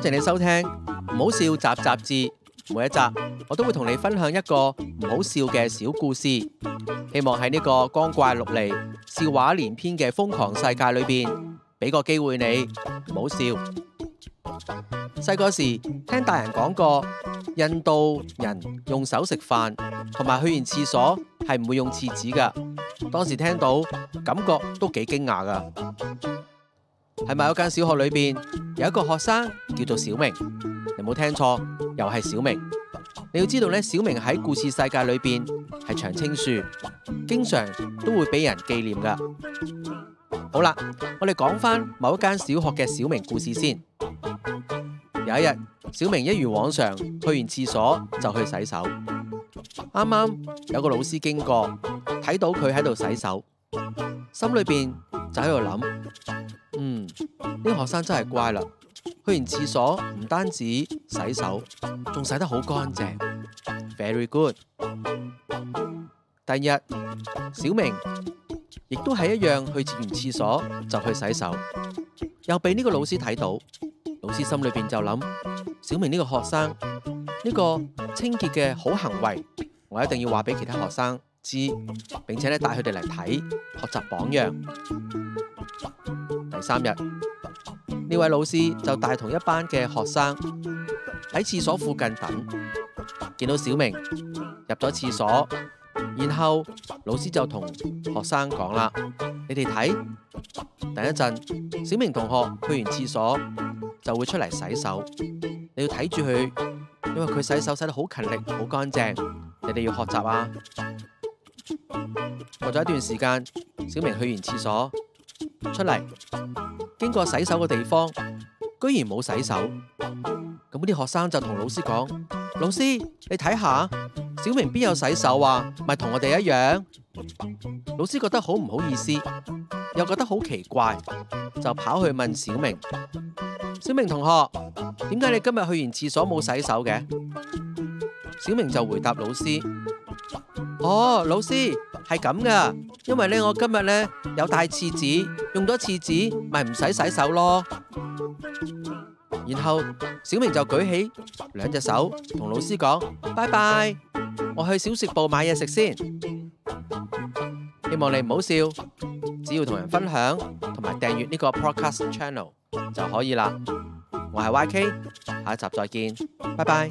多謝你收聽，唔好笑雜雜誌每一集，我都會同你分享一個唔好笑嘅小故事。希望喺呢個光怪陸離、笑話連篇嘅瘋狂世界裏邊，俾個機會你唔好笑。細個時聽大人講過，印度人用手食飯，同埋去完廁所係唔會用廁紙噶。當時聽到感覺都幾驚訝噶。喺某一間小學裏邊，有一個學生叫做小明，你冇聽錯，又係小明。你要知道咧，小明喺故事世界裏邊係長青樹，經常都會俾人紀念噶。好啦，我哋講翻某一間小學嘅小明故事先。有一日，小明一如往常去完廁所就去洗手，啱啱有個老師經過，睇到佢喺度洗手，心裏邊就喺度諗。啲學生真係乖啦，去完廁所唔單止洗手，仲洗得好乾淨。Very good。第二日，小明亦都係一樣去完廁所就去洗手，又俾呢個老師睇到。老師心裏邊就諗：小明呢個學生呢個清潔嘅好行為，我一定要話俾其他學生知，並且咧帶佢哋嚟睇學習榜樣。第三日。呢位老師就帶同一班嘅學生喺廁所附近等，見到小明入咗廁所，然後老師就同學生講啦：你哋睇，等一陣，小明同學去完廁所就會出嚟洗手，你要睇住佢，因為佢洗手洗得好勤力，好乾淨，你哋要學習啊！過咗一段時間，小明去完廁所出嚟。經過洗手嘅地方，居然冇洗手，咁啲學生就同老師講：老師，你睇下小明邊有洗手啊？咪同我哋一樣。老師覺得好唔好意思，又覺得好奇怪，就跑去問小明：小明同學，點解你今日去完廁所冇洗手嘅？小明就回答老師：哦，老師，係咁㗎。是這樣的因為咧，我今日咧有帶廁紙，用咗廁紙咪唔使洗手咯。然後小明就舉起兩隻手同老師講：拜拜，我去小食部買嘢食先。希望你唔好笑，只要同人分享同埋訂閱呢個 Podcast Channel 就可以啦。我係 YK，下一集再見，拜拜。